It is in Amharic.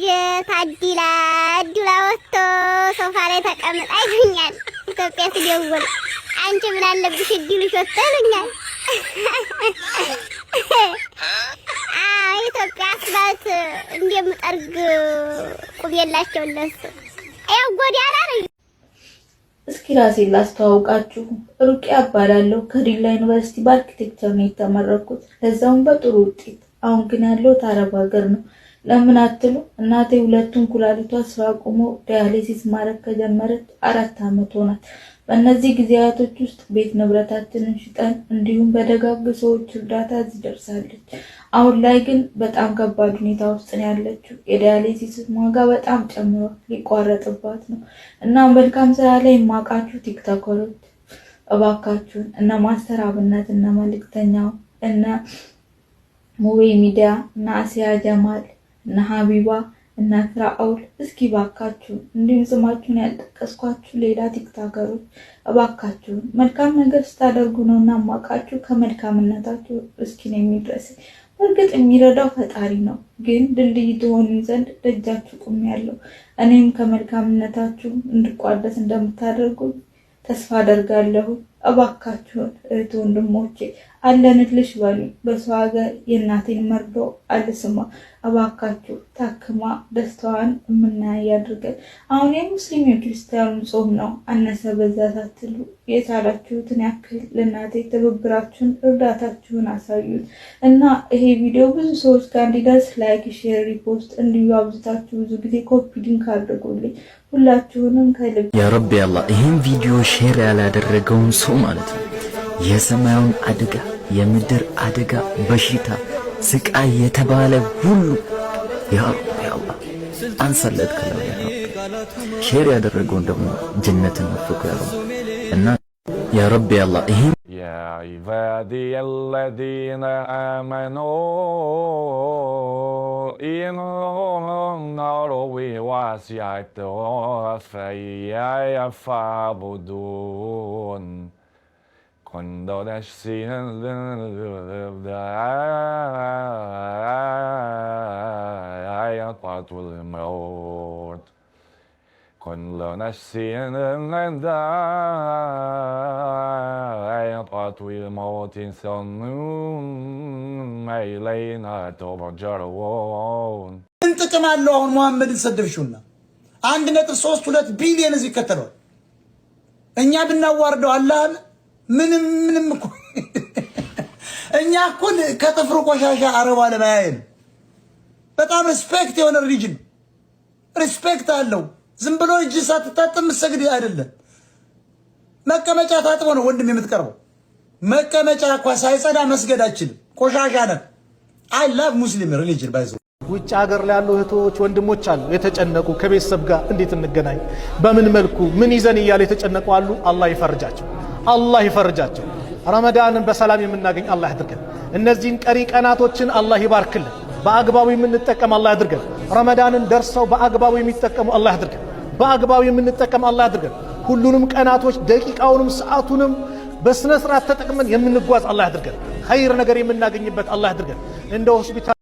ልጅት ታዲላ አዲላ ወጥቶ ሶፋ ላይ ተቀምጣ ይሉኛል። ኢትዮጵያ ስደውል አንቺ ምን አለብሽ እድሉሽ ወጥቶ ይሉኛል። ኢትዮጵያ አስፋልት እንደምጠርግ ቁብ የላቸው እነሱ። ያው ጎዳና ነው። እስኪ ራሴን ላስተዋውቃችሁ። ሩቅያ እባላለሁ። ከዲላ ዩኒቨርሲቲ በአርኪቴክቸር ነው የተመረኩት፣ ለዛውም በጥሩ ውጤት። አሁን ግን ያለሁት አረብ ሀገር ነው። ለምን አትሉ? እናቴ ሁለቱን ኩላሊቷ ስራ ቆሞ ዳያሊሲስ ማድረግ ከጀመረች አራት ዓመት ሆናት። በእነዚህ ጊዜያቶች ውስጥ ቤት ንብረታችንን ሽጠን እንዲሁም በደጋግ ሰዎች እርዳታ እዚህ ደርሳለች። አሁን ላይ ግን በጣም ከባድ ሁኔታ ውስጥ ነው ያለችው። የዳያሌሲስ ዋጋ በጣም ጨምሮ ሊቋረጥባት ነው። እናም መልካም ስራ ላይ የማውቃችሁ ቲክቶከሮች እባካችሁን እነ ማስተር አብነት እነ መልእክተኛው እነ ሙቤ ሚዲያ እነ አሲያ ጀማል እነ ሀቢባ እና ፍራኦል እስኪ ባካችሁ እንዲሁም ስማችሁን ያልጠቀስኳችሁ ሌላ ቲክታከሮች እባካችሁ መልካም ነገር ስታደርጉ ነው እና ማቃችሁ ከመልካምነታችሁ እስኪ ነው የሚድረስ። እርግጥ የሚረዳው ፈጣሪ ነው፣ ግን ድልድይ ትሆኑ ዘንድ ደጃችሁ ያለው እኔም ከመልካምነታችሁ እንድቋደስ እንደምታደርጉ ተስፋ አደርጋለሁ። እባካችሁን እህት ወንድሞቼ አለንልሽ በሉ። በሰው ሀገር የእናቴን መርዶ አልስማ። እባካችሁ ታክማ ደስታዋን የምናያ ያድርገን። አሁን የሙስሊም የክርስቲያኑ ጾም ነው፣ አነሰ በዛ ሳትሉ የቻላችሁትን ያክል ለእናቴ ትብብራችሁን፣ እርዳታችሁን አሳዩት እና ይሄ ቪዲዮ ብዙ ሰዎች ጋር እንዲደርስ ላይክ፣ ሼር፣ ሪፖስት እንዲሁ አብዝታችሁ ብዙ ጊዜ ኮፒ ሊንክ አድርጉልኝ። ሁላችሁንም ከልብ ያ ረቢ አላህ ይህን ቪዲዮ ሼር ያላደረገውን ሰው ማለት ነው የሰማዩን አደጋ፣ የምድር አደጋ፣ በሽታ፣ ስቃይ የተባለ ሁሉ ያ ያ አንሰለት ከለው ያ ሼር ያደረገውን ደግሞ ጀነትን ወፍቁ ያለው እና ያ ረብ ያ አላህ ይሄ ያ ኢባዲየ አለዚነ አመኑ ኢንነ Cuando decían يطعت الموت كل نفس يطعت الموت ثم إلينا ترجعون انت كمان لو محمد سدفشونا አንድ ነጥብ ሶስት ሁለት ቢሊዮን ህዝብ ይከተለዋል። እኛ ብናዋርደው አላህን ምንም ምንም እኮ እኛ እኮ ከጥፍሩ ቆሻሻ አረብ ዓለም አያየን። በጣም ሪስፔክት የሆነ ሪሊጅን ሪስፔክት አለው። ዝም ብሎ እጅ ሳትታጥብ የምትሰግድ አይደለም። መቀመጫ ታጥቦ ነው ወንድም የምትቀርበው። መቀመጫ እኳ ሳይጸዳ መስገዳችን ቆሻሻ ነን። አይ ላቭ ሙስሊም ሪሊጅን ባይዘ ውጭ ሀገር ላይ ያሉ እህቶች ወንድሞች አሉ የተጨነቁ ከቤተሰብ ጋር እንዴት እንገናኝ፣ በምን መልኩ ምን ይዘን እያለ የተጨነቁ አሉ። አላህ ይፈርጃቸው። አላህ ይፈርጃቸው። ረመዳንን በሰላም የምናገኝ አላህ ያድርገን። እነዚህን ቀሪ ቀናቶችን አላህ ይባርክልን። በአግባቡ የምንጠቀም አላህ ያድርገን። ረመዳንን ደርሰው በአግባቡ የሚጠቀሙ አላህ ያድርገን። በአግባቡ የምንጠቀም አላህ ያድርገን። ሁሉንም ቀናቶች ደቂቃውንም ሰዓቱንም በስነ ስርዓት ተጠቅመን የምንጓዝ አላህ ያድርገን። ኸይር ነገር የምናገኝበት አላህ ያድርገን። እንደ ሆስፒታል